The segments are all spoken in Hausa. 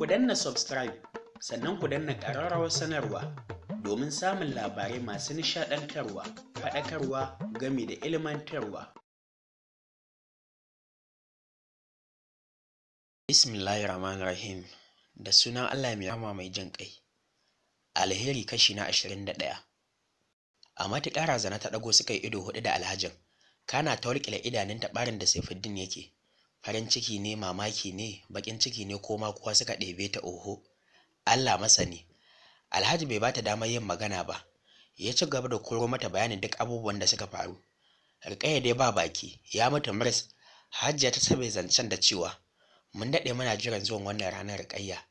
ku danna subscribe sannan ku danna ƙararrawar sanarwa domin samun labarai masu nishaɗantarwa faɗakarwa gami da ilmantarwa. Bismillahir Rahmanir Rahim da sunan Allah mai rama mai jin ƙai. Alheri kashi na ashirin da ɗaya. A matuƙar razana ta ɗago suka yi ido huɗu da alhajin, kana ta wulƙila idanun taɓarin da Saifuddin yake. farin ciki ne mamaki ne bakin ciki ne ko ma kowa suka ɗebe ta oho Allah masani Alhaji bai bata damar yin magana ba ya ci gaba da koro mata bayanin duk abubuwan da suka faru Rikaya dai ba baki ya mata maris Hajiya ta sabai zancen da cewa mun daɗe muna jiran zuwan wannan ranar Rikayya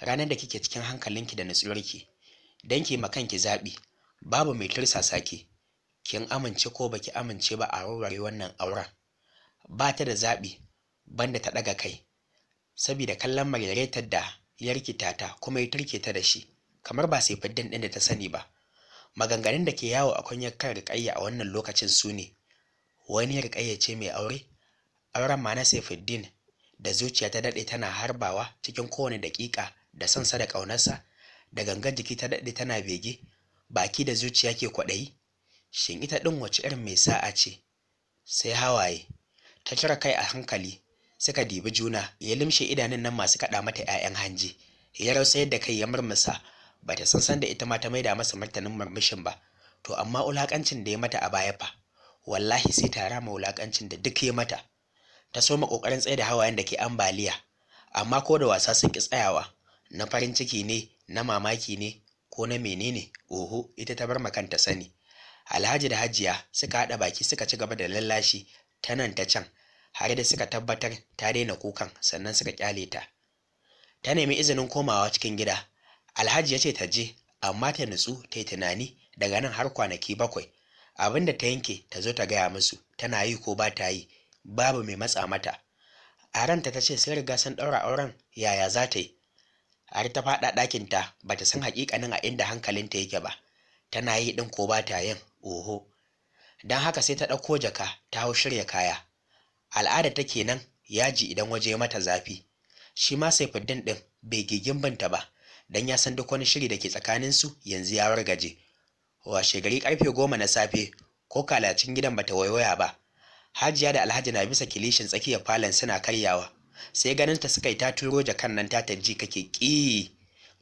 ranar da kike cikin hankalinki da nutsuwarki dan ki ma kanki zaɓi babu mai tursasa ki kin amince ko baki amince ba a rurare wannan auren ba ta da zaɓi banda ta ɗaga kai saboda kallon margaretar da ya rikita ta kuma ya turke ta da shi kamar ba sai fiddin ɗin da ta sani ba maganganun da ke yawo a kwanyar kan rikayya a wannan lokacin su ne wani rikayya ce mai aure auren ma na saifuddin da zuciya ta daɗe tana harbawa cikin kowane daƙiƙa da sansa da ƙaunarsa da gangan jiki ta daɗe tana bege baki da zuciya ke kwaɗayi shin ita ɗin wace irin mai sa'a ce sai hawaye ta cire kai a hankali suka dibi juna ya limshe idanun nan masu kaɗa mata 'ya'yan hanji ya rausa da kai ya murmusa ba ta san da ita ma ta maida masa martanin murmushin ba to amma wulakancin da ya mata a baya fa wallahi sai ta rama wulakancin da duk ya mata ta so ma kokarin tsaye da hawayen da ke ambaliya amma ko da wasa sun ki tsayawa na farin ciki ne na mamaki ne ko na menene oho ita ta bar kanta sani alhaji da hajiya suka haɗa baki suka ci gaba da lallashi ta nan ta can har da suka tabbatar ta daina kukan sannan suka kyale ta ta nemi izinin komawa cikin gida alhaji ya ce ta je amma ta nutsu ta yi tunani daga nan har kwanaki bakwai abinda ta yanke ta zo ta gaya musu tana yi ko ba ta yi babu mai matsa mata a ranta ta ce sun riga sun ɗaura auren yaya za ta yi har ta faɗa ɗakinta ba ta san haƙiƙanin a inda hankalinta yake ba tana yi ɗin ko ba ta yin oho don haka sai ta ɗauko jaka ta hau shirya kaya al'ada ta nan yaji idan waje mata zafi shi ma saifuddin din bai gigin binta ba dan ya san duk wani shiri da ke tsakanin su yanzu ya wargaje washe gari karfe goma na safe ko kalacin gidan bata waiwaya ba hajiya da alhaji na bisa kilishin tsakiyar falon suna karyawa sai ganin ta suka yi ta turo jakan nan ta tarji kake ƙi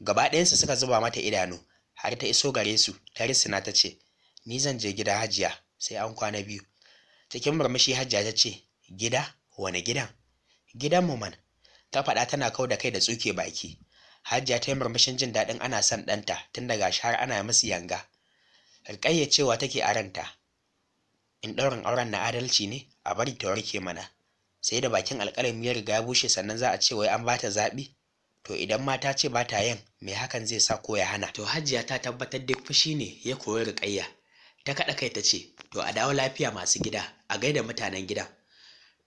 gaba ɗayansu suka zuba mata idanu har ta iso gare su ta risina ta ce ni zan je gida hajiya sai an kwana biyu cikin murmushi hajiya ta ce Gida? Wane gidan? Gidan mu man. Ta faɗa tana kau da kai da tsuke baki. Hajiya ta yi murmushin jin daɗin ana son ɗanta tun daga har ana musu yanga. Rikayya cewa take a ranta. In ɗaurin auren na adalci ne a bari ta warke mana. Sai da bakin alƙalin ya riga bushe sannan za a ce wai an ba ta zaɓi. To idan mata ce ba ta yin me hakan zai sa ko ya hana. To Hajiya ta tabbatar duk fushi ne ya koyi rikayya. Ta kaɗa kai ta ce to a dawo lafiya masu gida a gaida mutanen gidan.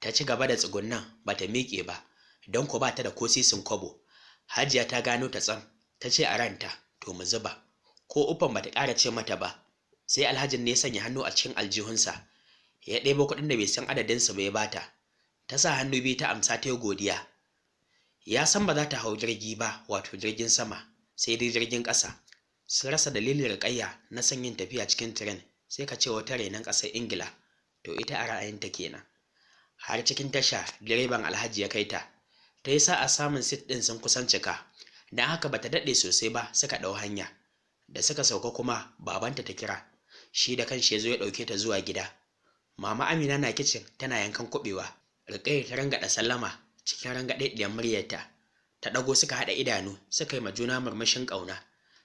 ta ci gaba da tsugunnan ba ta miƙe ba don ko ba ta da kosisin kwabo hajiya ta gano ta tsan, ta ce a ranta to mu zuba ko ufan ba ta ƙara ce mata ba sai alhajin ne ya sanya hannu a cikin aljihunsa ya ɗebo kuɗin da bai san adadinsa ba ya bata ta sa hannu biyu ta amsa ta yi godiya ya san ba za ta hau jirgi ba wato jirgin sama sai dai jirgin ƙasa sun rasa dalilin riƙayya na sanyin tafiya cikin tiren sai ka ce wata renon ƙasar ingila to ita a ra'ayinta kenan har cikin tasha direban alhaji ya kai ta ta yi sa'a samun sit ɗin sun kusan cika don haka bata daɗe sosai ba suka ɗau hanya da suka sauka kuma babanta ta kira shi da kanshi ya ya ɗauke ta zuwa gida mama amina na kicin tana yankan kuɓewa rikai ta rangaɗa sallama cikin rangaɗaɗɗiyar muryarta ta ɗago suka haɗa idanu suka yi ma juna murmushin ƙauna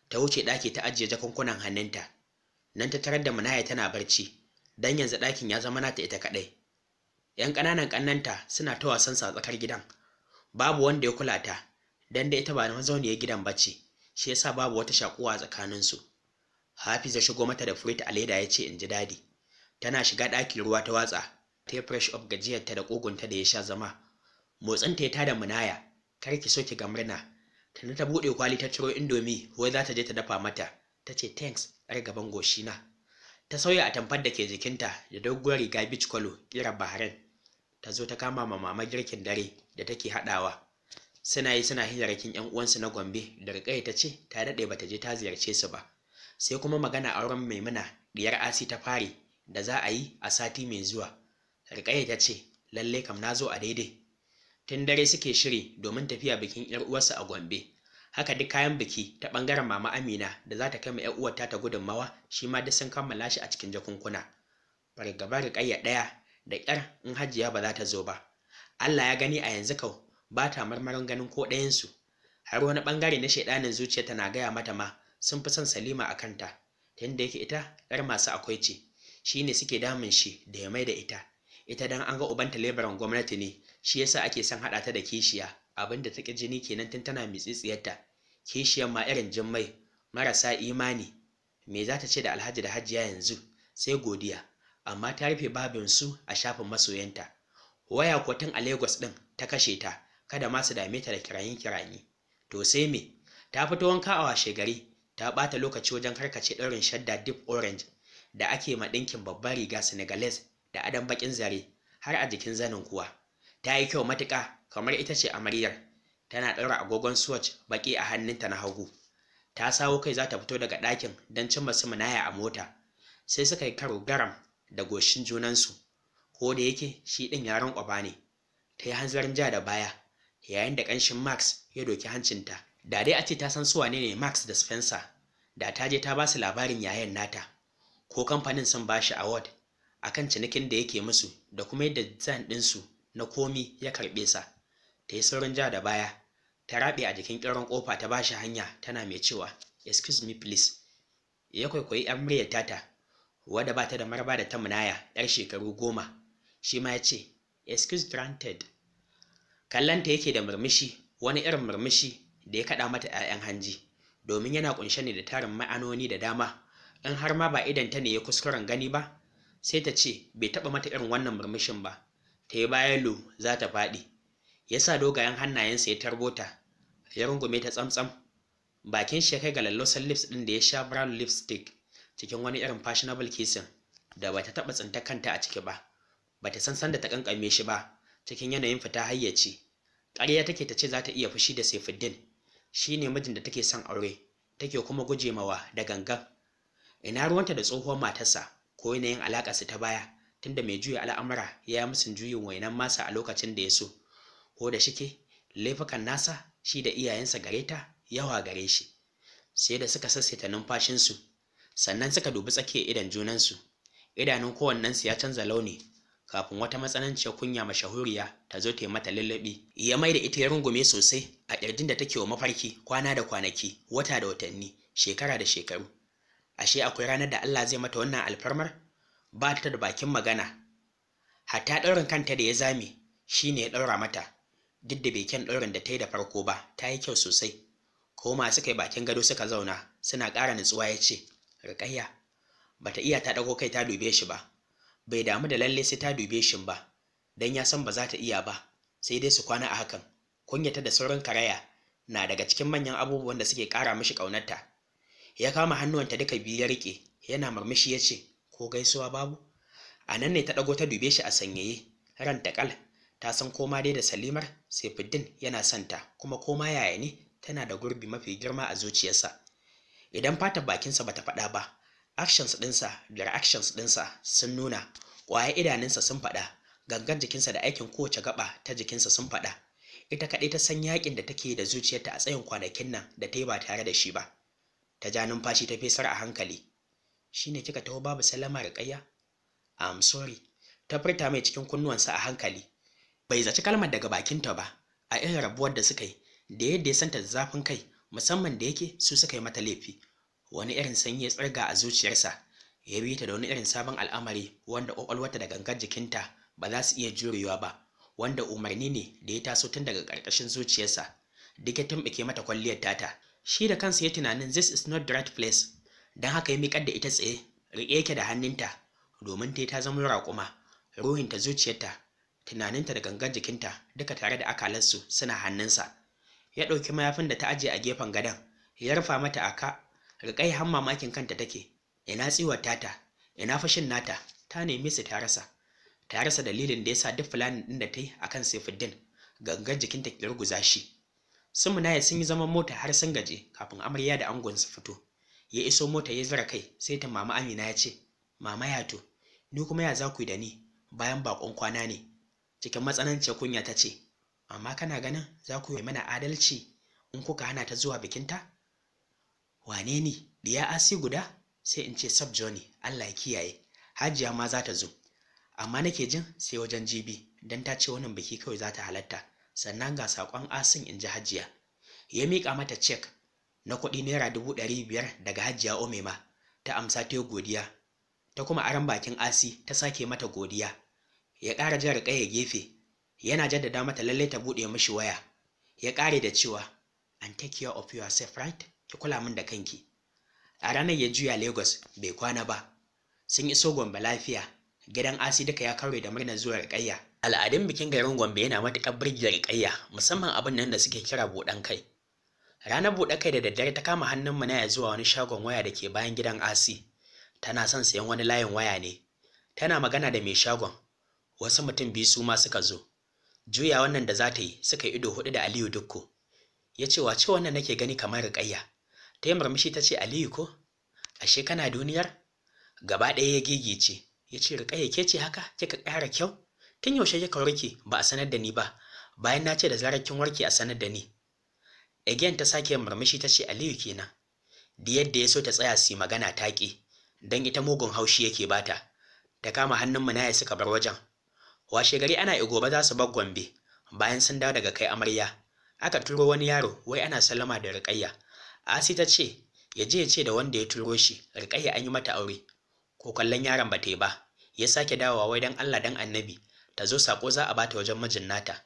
ta wuce ɗaki ta ajiye jakunkunan hannunta nan ta tarar da munaya tana barci dan yanzu ɗakin ya zama nata ita kaɗai 'yan ƙananan ƙannanta suna ta wasan sa tsakar gidan babu wanda ya kula ta dan da ita ba na mazauniyar gidan ba ce shi yasa babu wata shakuwa su hafiza shigo mata da fruit a leda ya ce in ji dadi tana shiga ɗakin ruwa ta watsa ta yi fresh up gajiyarta da ƙugunta da ya sha zama Motsin ta ya tada munaya kar ki so ki ga murna tana ta buɗe kwali ta ciro indomi wai za ta je ta dafa mata ta ce thanks yar gaban goshina ta sauya a tamfar da ke jikinta da doguwar riga beach kwalo kira bahrain ta zo ta kama ma mama girkin dare da take haɗawa suna yi suna hirarrakin yan uwansu na gombe da rikai ta ce ta daɗe bata je ta ziyarce su ba sai kuma magana auren maimuna diyar asi ta fare da za a yi a sati mai zuwa rikai ta ce lalle kam na zo a daidai tun dare suke shiri domin tafiya bikin yar uwarsu a gombe haka duk kayan biki ta bangaren mama amina da za ta kai ma yar uwarta ta gudunmawa shi ma duk sun kammala shi a cikin jakunkuna fargaba riƙayya ɗaya da ƙyar in hajiya ba za ta zo ba Allah ya gani a yanzu kau ba ta marmarin ganin ko ɗayansu har wani ɓangare na shaidanin zuciyarta tana gaya mata ma sun fi son salima a kanta ta yadda yake ita yar masu akwai ce shi ne suke damun shi da ya mai da ita ita dan an ga ubanta lebaran gwamnati ne shi yasa ake son haɗa ta da kishiya da ta ƙi jini kenan tun tana mitsitsiyarta kishiyar ma irin mai marasa imani me za ta ce da alhaji da hajiya yanzu sai godiya amma ta rufe babin su a shafin masoyanta waya kotun a lagos din ta kashe ta kada ma su dame ta da kirayin kirayi to sai me ta fito wanka a washe gari ta bata lokaci wajen karkace ɗaurin shadda deep orange da ake ma ɗinkin babbar riga senegalese da adon bakin zare har a jikin zanin kuwa ta yi kyau matuƙa kamar ita ce amaryar tana ɗaura agogon swatch baƙi a hannunta na hagu ta sawo kai za ta fito daga ɗakin don cimma su a mota sai suka yi karo garam da goshin junansu ko da yake shi ɗin yaron ƙwaba ne ta yi hanzarin ja da baya yayin da ƙanshin max ya doki hancinta da dai a ce ta san suwa ne ne max da spencer da ta je ta ba su labarin yayan nata ko kamfanin sun ba shi award kan cinikin da yake musu da kuma yadda zan ɗinsu na komi ya karɓe sa ta yi saurin ja da baya ta raɓe a jikin ƙiran ƙofa ta ba shi hanya tana mai cewa excuse me please ya kwaikwayi yan muryar tata wadda ba ta da maraba da ta munaya yar shekaru goma shi ma ya ce excuse granted kallanta yake da murmushi wani irin murmushi da ya kaɗa mata 'ya'yan hanji domin yana ƙunshe ne da tarin ma'anoni da dama in har ma ba idan ta ne ya kuskuren gani ba sai ta ce bai taɓa mata irin wannan murmushin ba ta yi bayan lo za ta faɗi ya sa dogayen hannayensa ya tarbo ta ya rungume ta tsamtsam bakin shi ya kai ga lallosan lips ɗin da ya sha brown lipstick cikin wani irin fashionable kisin da ba ta taɓa tsinta kanta a ciki ba ba ta san sanda ta kankame shi ba cikin yanayin fita hayyaci ƙarya take ta ce za ta iya fushi da saifuddin shi ne mijin da take son aure take kuma guje mawa da gangan ina ruwanta da tsohuwar matarsa ko yanayin su ta baya tunda mai juya al'amura ya yi musun juyin wainan masa a lokacin da ya so ko da shike laifukan nasa shi da iyayensa gareta yawa gare shi sai da suka sassaita numfashinsu sannan suka dubi tsakiya idan junansu idanun kowannensu ya canza launi kafin wata matsananciyar kunya mashahuriya ta zo ta yi mata lallabi ya mai da ita ya rungume sosai a ƙirjin da take wa mafarki kwana da kwanaki wata da watanni shekara da shekaru ashe akwai ranar da Allah zai mata wannan alfarmar ba ta da bakin magana hatta ɗaurin kanta da ya zame shi ne ya ɗaura mata duk da bai kyan ɗaurin da ta yi da farko ba ta yi kyau sosai ko masu kai bakin gado suka zauna suna ƙara nutsuwa ya ce ba ta iya ta ɗago kai ta dube shi ba bai damu da lalle sai ta dube shi ba dan ya san ba za ta iya ba sai dai su kwana a hakan kunyata da sauran karaya na daga cikin manyan abubuwan da suke ƙara mishi ƙaunarta ya kama hannuwanta duka biyu ya riƙe yana murmushi ya ce ko gaisuwa babu a nan ne ta ɗago ta dube shi a sanyaye ran taƙal ta san koma dai da salimar saifuddin yana santa kuma koma yaya ne tana da gurbi mafi girma a zuciyarsa idan fata bakinsa bata faɗa ba actions ɗinsa da reactions ɗinsa sun nuna ƙwaya idanunsa sun faɗa gangar jikinsa da aikin kowace gaba ta jikinsa sun faɗa ita kaɗai ta san yakin da take da zuciyarta a tsayin kwanakin nan da ta yi ba tare da shi ba ta ja numfashi ta fesar a hankali Shi ne kika taho babu salama ƙayya am sorry ta furta mai cikin kunnuwansa a hankali bai zaci kalmar daga bakinta ba a irin rabuwar da suka yi da yadda ya santa da zafin kai musamman da yake su suka yi mata laifi wani irin sanyi ya tsirga a zuciyarsa ya bi ta da wani irin sabon al'amari wanda kwakwalwata da gangar jikinta ba za su iya jurewa ba wanda umarni ne da ya taso tun daga ƙarƙashin zuciyarsa duk ya tumɓuke mata kwalliyar tata shi da kansa ya tunanin this is not the right place don haka ya miƙar da ita tsaye riƙe yake da hannunta domin ta ta zama raƙuma ruhinta zuciyarta tunaninta da gangar jikinta duka tare da akalansu suna hannunsa ya ɗauki mayafin da ta aje a gefen gadon ya rufa mata a ka riƙai har mamakin kanta take ina tsiwar tata ina fashin nata ta nemi su ta rasa ta rasa dalilin da ya sa duk fulanin ɗin da ta yi a kan saifuddin gangan jikinta ki ruguza shi sun munaya sun yi zaman mota har sun gaje kafin amarya da angon su fito ya iso mota ya zira kai sai ta mama amina ya ce mama ya to ni kuma ya za ku yi da ni bayan baƙon kwana ne cikin matsananciyar kunya ta ce amma kana ganin za ku yi mana adalci in kuka hana ta zuwa bikinta wane ne diya asi guda sai in ce sub johnny allah ya kiyaye hajiya ma za ta zo amma nake jin sai wajen jibi don ta ce wannan biki kawai za ta halatta sannan ga saƙon asin in ji hajiya ya miƙa mata cek na kuɗi naira dubu ɗari biyar daga hajiya omema ta amsa ta godiya ta kuma aran bakin asi ta sake mata godiya ya ƙara jan riƙa ya gefe yana jaddada mata lallai ta buɗe mishi waya ya ƙare da cewa and take care of yourself right ki kula min da kanki a ranar ya juya lagos bai kwana ba sun iso gombe lafiya gidan asi duka ya kaure da murnar zuwa rikayya al'adun bikin garin gombe yana matuƙar birge rikayya musamman abin nan da suke kira buɗan kai ranar buɗe kai da daddare ta kama hannun mu na ya zuwa wani shagon waya da ke bayan gidan asi tana son sayan wani layin waya ne tana magana da mai shagon wasu mutum biyu su ma suka zo juya wannan da za ta yi suka ido hudu da aliyu dukku ya ce wace wannan nake gani kamar riƙayya ta yi murmushi ta ce aliyu ko ashe kana duniyar gaba ɗaya ya gigice ya ce riƙayya ke ce haka kika ƙara kyau tun yaushe kika warke ba a sanar da ni ba bayan na ce da zarar kin warke a sanar da ni again ta sake murmushi ta ce aliyu kenan da yadda ya so ta tsaya su magana taƙi don ita mugun haushi yake bata ta kama hannun ya suka bar wajen washe gari ana gobe za su bar gombe bayan sun dawo daga kai amarya aka turo wani yaro wai ana sallama da rikayya asi ta ce ya je ya ce da wanda ya turo shi rikayya an yi mata aure ko kallon yaron ba ta yi ba ya sake dawowa wai dan allah dan annabi ta zo sako za a bata wajen mijin nata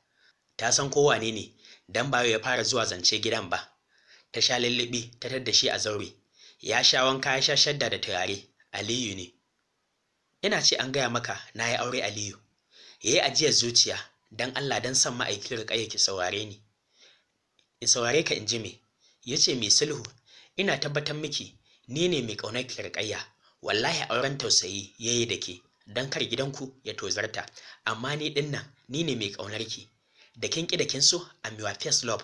ta san ko wane ne dan bayo ya fara zuwa zance gidan ba ta sha lullubi ta tadda shi a zaure ya sha wanka ya sha shadda da turare aliyu ne ina ce an gaya maka na yi aure aliyu ya yi ajiyar zuciya don Allah don san ma'aikin riƙaya ki saurare ni in saurare ka in ji me ya ce mai sulhu ina tabbatar miki ni ne mai ƙaunar ki riƙaya wallahi auren tausayi ya yi da ke don kar gidanku ya tozarta amma ni ɗin nan ni ne mai ƙaunar ki da kin ƙi da kin so a your first love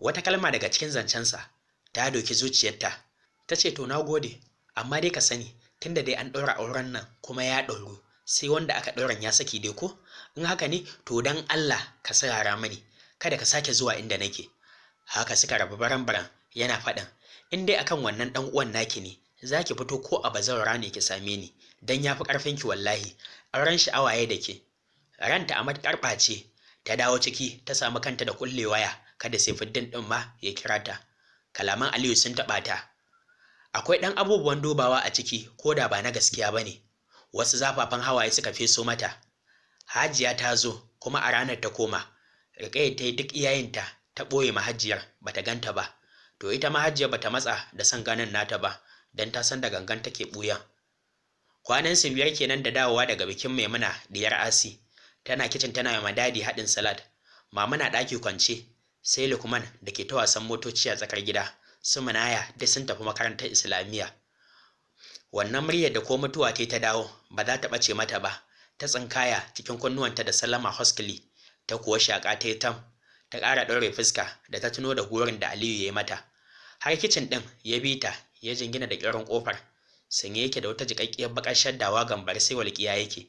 wata kalma daga cikin zancensa ta doki zuciyarta ta ce to na gode amma dai ka sani tunda dai an ɗaura auren nan kuma ya ɗauru sai wanda aka ɗauran ya saki dai ko in haka ne to dan Allah ka sarara mani kada ka sake zuwa inda nake haka suka rabu baran baran yana faɗin in dai akan wannan ɗan uwan naki ne zaki fito ko a bazawara ne ki same ni dan yafi karfin ki wallahi auren sha'awa ya da ke ranta a matuƙar ɓace ta dawo ciki ta samu kanta da kulle waya kada sai fiddin ɗin ma ya kira ta kalaman aliyu sun taɓa ta akwai ɗan abubuwan dubawa a ciki ko da ba na gaskiya ba ne wasu zafafan hawaye suka feso mata hajiya ta zo kuma a ranar ta koma riƙaye ta yi duk iyayenta ta ɓoye mahajiyar ta ganta ba to ita mahajiyar ta matsa da san ganin nata ba don ta san da gangan take ɓuya kwanan su biyar kenan da dawowa daga bikin maimuna diyar asi tana kicin tana yi madadi haɗin salad mama na ɗaki kwance sai lukman da ke ta wasan motoci a tsakar gida su manaya duk sun tafi makarantar islamiyya wannan muryar da ko mutuwa ta ta dawo ba za ta ɓace mata ba ta tsinkaya cikin kunnuwanta da salama hoskili ta kuwa shaƙa ta tam ta ƙara ɗaure fuska da ta tuno da gurin da aliyu ya yi mata har kicin ɗin ya bi ta ya jingina da ƙirin ƙofar sanye yake da wata jiƙaƙƙiyar baƙar shaddawa gambar sai walƙiya yake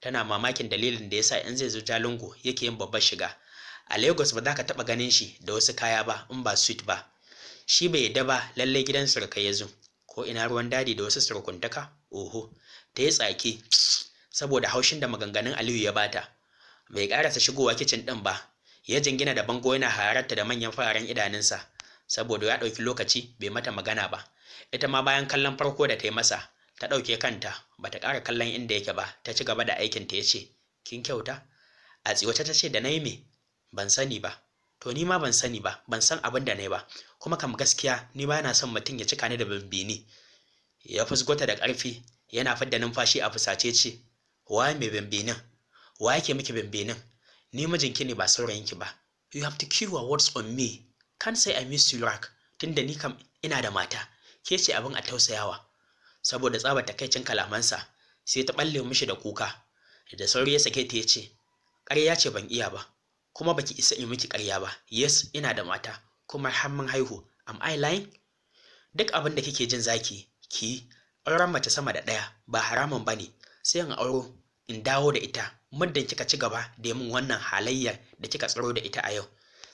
tana mamakin dalilin da ya sa in zai zo jalingo yake yin babbar shiga a lagos ba za ka taɓa ganin shi da wasu kaya ba in ba suit ba shi bai yadda ba lallai gidan surukai ya zo ko ina ruwan dadi da wasu surkuntaka oho ta yi tsaki saboda haushin da maganganun aliyu ya bata bai karasa shigowa kicin ɗin ba ya jingina da bango yana hararta da manyan fararen idanunsa saboda ya ɗauki lokaci bai mata magana ba ita ma bayan kallon farko da ta yi masa ta ɗauke kanta ba ta ƙara kallon inda yake ba ta ci gaba da aikin ta ya ce kin kyauta a tsiwace ta ce da na yi me ban sani ba to ni ma ban sani ba ban san abin da na yi ba kuma kam gaskiya ni ba na son mutum ya cika ni da bimbini ya fusgota da ƙarfi yana fadda numfashi a fusace ce wa mai bimbinin wa yake miki bimbinin ni mijinki ne ba saurayinki ba you have to keep your words on me can't say i miss you rack tunda ni kam ina da mata ke ce abin a tausayawa saboda tsaba takaicin kalamansa sai ta balle mishi da kuka da sauri ya sake ta ya ce ƙarya ce ban iya ba kuma baki isa in miki ƙarya ba yes ina da mata kuma har mun haihu am i lying duk abin da kike jin zaki ki auren mace sama da ɗaya ba haramun bane sai in auro in dawo da ita muddin kika ci gaba da min wannan halayyar da kika tsaro da ita a yau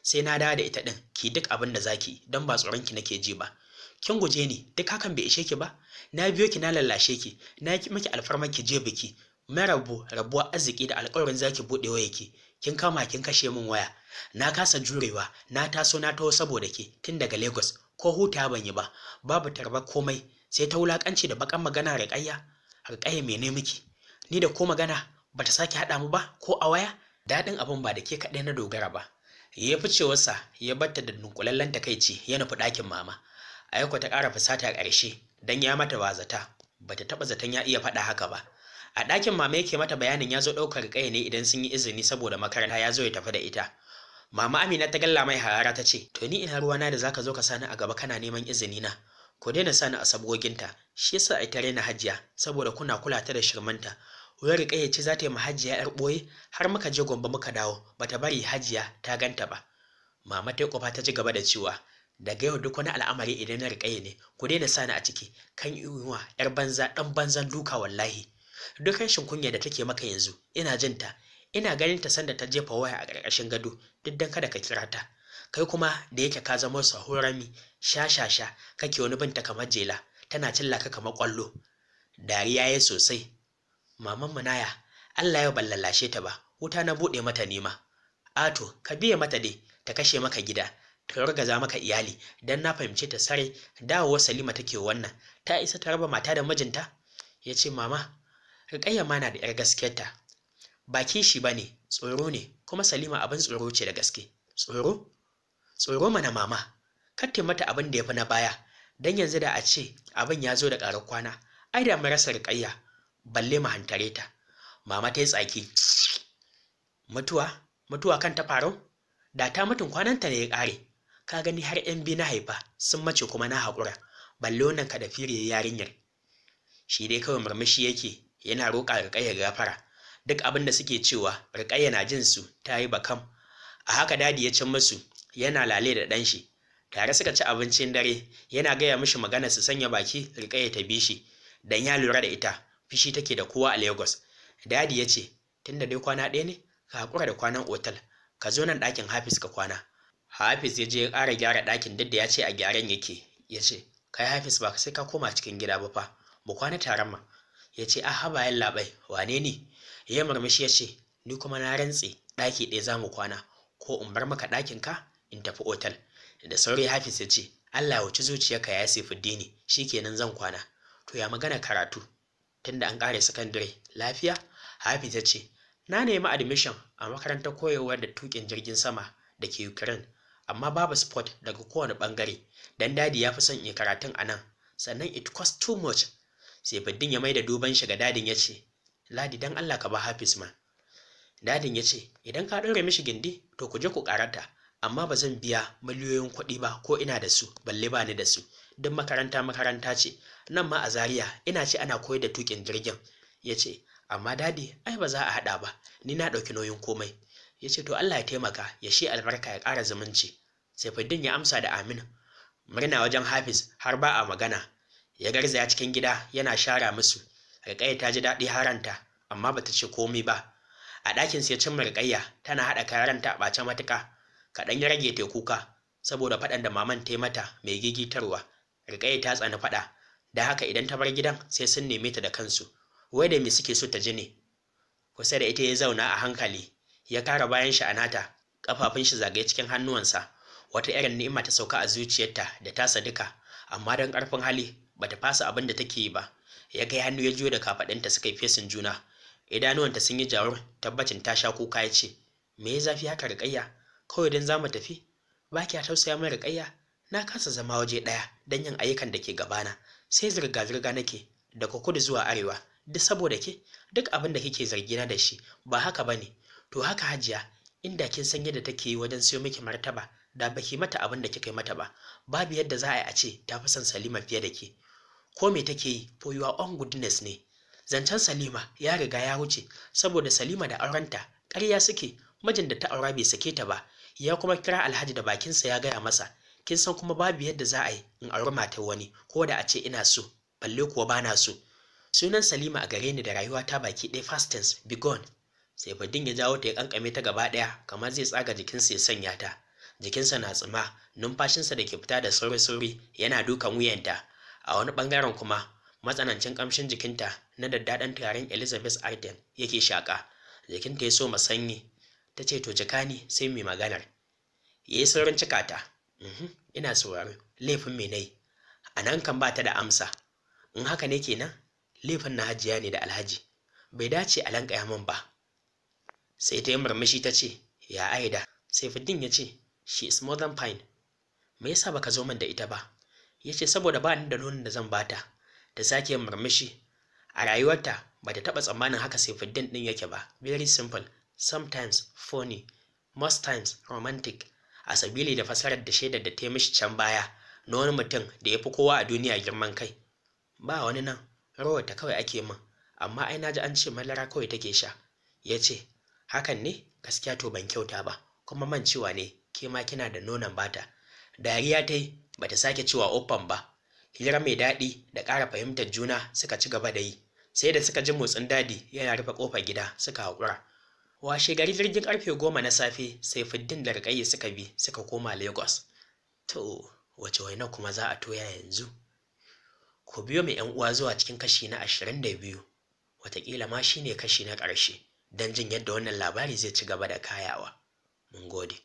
sai na dawo da ita din ki duk abin da zaki don ba tsoron ki nake ji ba kin guje ni duk hakan bai ishe ki ba na biyo ki na lallashe ki na ki miki alfarmar ki je biki mai rabu rabuwa arziki da alƙawarin zaki buɗe waya ki kin kama kin kashe min waya na kasa jurewa na taso na taho saboda ke tun daga lagos ko huta ban yi ba babu tarbar komai sai ta wulakanci da bakan magana rikayya rikayya ne miki ni da ko magana bata sake haɗa mu ba ko a waya daɗin abin ba da ke kaɗai na dogara ba ya fi cewarsa ya batta da dunkulallen takaici ya nufi ɗakin mama aiko ta ƙara fusata a ƙarshe don ya mata ba zata bata taɓa zaton ya iya faɗa haka ba a ɗakin mama yake mata bayanin ya zo ɗaukar ƙaya ne idan sun yi izini saboda makaranta ya zo ya tafi da ita mama amina ta galla mai harara ta ce to ni ina ruwa na da zaka zo ka sani a gaba kana neman izini na ku daina sani a ta shi yasa ai tare na hajiya saboda kuna kula ta da shirmanta wayar ƙaya ce za ta yi hajiya yar ɓoye har muka je gombe muka dawo bata bari hajiya ta ganta ba mama ta kofa ta ci gaba da cewa daga yau duk wani al'amari idan na riƙaye ne ku daina sani a ciki kan iwa yar banza ɗan banzan duka wallahi duk rashin kunya da take maka yanzu ina jin ta ina ganin ta sanda ta jefa waya a ƙarƙashin gado duk dan kada ka kira ta kai kuma da yake ka zama sahurami sha sha sha kake wani binta kamar jela tana cilla ka kamar ƙwallo dariya ya sosai maman munaya Allah ya ballalashe ta ba wuta na buɗe mata nema ato ka biye mata dai ta kashe maka gida ta rugaza maka iyali dan na fahimce ta sare dawowa Salima take wannan ta isa ta raba mata da mijinta ya ce mama Rukayya ma na da ‘yar gaskiyarta. Ba kishi ba ne, tsoro ne, kuma Salima abin tsoro ce da gaske. Tsoro? Tsoro mana mama, kar mata abin da ya fi na baya, don yanzu da a ce abin ya zo da ƙarar kwana, ai da mun rasa balle mu hantare ta. Mama ta yi tsaki. Mutuwa? Mutuwa kan ta faro? Da ta mutum kwananta ne ya ƙare. Ka gani har ‘yan biyu na haifa sun mace kuma na haƙura, balle wannan kadafiriyar yarinyar. Shi dai kawai murmushi yake yana roƙa Rukayya gafara duk abin da suke cewa Rukayya na jin su ta yi bakam a haka dadi ya cin musu yana lale da ɗan shi tare suka ci abincin dare yana gaya mishi magana su sanya baki Rukayya ta bi shi dan ya lura da ita fishi take da kowa a Lagos dadi ya ce tunda dai kwana ɗaya ne ka haƙura da kwanan otal ka zo nan ɗakin Hafis ka kwana Hafis ya je ya ƙara gyara ɗakin duk da ya ce a gyaran yake ya ce kai Hafis ba sai ka koma cikin gida ba fa mu kwana taron ma ya ce a ah, haba yin labai wane ne ya murmushi ya ce ni kuma na rantse ɗaki ɗaya za mu kwana ko in bar maka ɗakin ka in tafi otal da sauri hafiz ya ce allah wuce zuciyarka ya sefi dini shi kenan zan kwana to ya magana karatu tunda an ƙare sakandare lafiya hafiz ya ce na nemi admission a makarantar koyarwar da tukin jirgin sama da ke ukraine amma babu sport daga kowane bangare dan dadi ya fi son yi karatun a nan sannan it cost too much saifuddin ya mai da duban shi ga dadin ya ce ladi dan allah ka ba hafiz ma dadin ya ce idan ka ɗaure mishi gindi to ku je ku karanta amma ba zan biya miliyoyin kuɗi ba ko ina da su balle ba ni da su don makaranta makaranta ce nan ma a Zariya ina ce ana koyar da tukin jirgin ya ce amma dadi ai ba za a haɗa ba ni na ɗauki nauyin komai ya ce to allah ya taimaka ya shi albarka ya ƙara zumunci saifuddin ya amsa da amin murna wajen hafiz har ba a magana ya garzaya cikin gida yana shara musu rikayya ta ji daɗi haranta amma bata ce komai ba a ɗakin sai cimma rikayya tana haɗa karanta a ɓace matuƙa kaɗan ya rage ta kuka saboda faɗan da maman ta yi mata mai gigitarwa rikayya ta tsani faɗa da haka idan ta bar gidan sai sun neme ta da kansu wai da me suke so ta ji ne kusa da ita ya zauna a hankali ya kara bayan shi a nata kafafun shi zagaye cikin hannuwansa wata irin ni'ima ta sauka a zuciyarta da tasa duka amma don ƙarfin hali bata fasa abin da take yi ba ya kai hannu ya juyo da ta suka yi fesin juna idanuwanta sun yi jawar tabbacin ta sha kuka ya ce me ya zafi haka riƙayya kawai don za mu tafi ba kya tausaya mai riƙayya na kasa zama waje ɗaya don yin ayyukan da ke gabana sai zirga-zirga nake Da daga kudu zuwa arewa duk saboda ke duk abin da kike na da shi ba haka ba ne to haka hajiya inda kin san yadda take yi wajen siyo miki martaba da baki mata abin da kika yi mata ba babu yadda za a yi a ce ta fi son salima fiye da ke ko me take yi for your own goodness ne zancen salima ya riga ya wuce saboda salima da aurenta ƙarya suke mijin da ta aura bai sake ta ba ya kuma kira alhaji da bakinsa ya gaya masa kin san kuma babu yadda za a yi in auri matar wani ko da a ce ina so balle kuwa bana so sunan salima a gare ni da rayuwa ta baki ɗaya fast tense be gone sai fadin ya jawo ta ya kankame ta gaba ɗaya kamar zai tsaga jikinsa ya sanya ta jikinsa na tsima numfashinsa da ke fita da sauri-sauri yana dukan wuyanta a wani bangaren kuma matsanancin kamshin jikinta na daddaɗan turaren elizabeth arden yake shaƙa jikinta ya so sanyi ta ce to jika ne sai mai maganar ya yi saurin cika ta uhm, ina saurari. laifin mai nai a nan kan ba ta da amsa in haka ne kenan laifin na hajiya ne da alhaji bai dace a lanƙaya min ba sai ta yi murmushi ta ce ya aida fiddin ya ce she is more than fine me yasa baka zo min da ita ba ya ce saboda ba ni da nonon da zan bata da sake murmushi a rayuwarta ba ta taɓa tsammanin haka saifuddin ɗin yake ba very simple sometimes funny most times romantic a sabili da fasarar da shaidar da ta yi mishi can baya na wani mutum da ya fi kowa a duniya girman kai ba wani nan rawar ta kawai ake min amma ai na ji an ce malara kawai take sha ya ce hakan ne gaskiya to ban kyauta ba kuma man cewa ne ke ma kina da nonon bata dariya ta yi Ba bata sake cewa open ba hira mai daɗi da ƙara fahimtar juna suka ci gaba da yi sai da suka ji motsin dadi yana rufe ƙofar gida suka haƙura washe gari jirgin karfe goma na safe sai fiddin da rikayi suka bi suka koma lagos to wace waina kuma za a toya yanzu ku biyo mai yan uwa zuwa cikin kashi na ashirin da biyu watakila ma shine kashi na ƙarshe don jin yadda wannan labari zai ci gaba da kayawa mun gode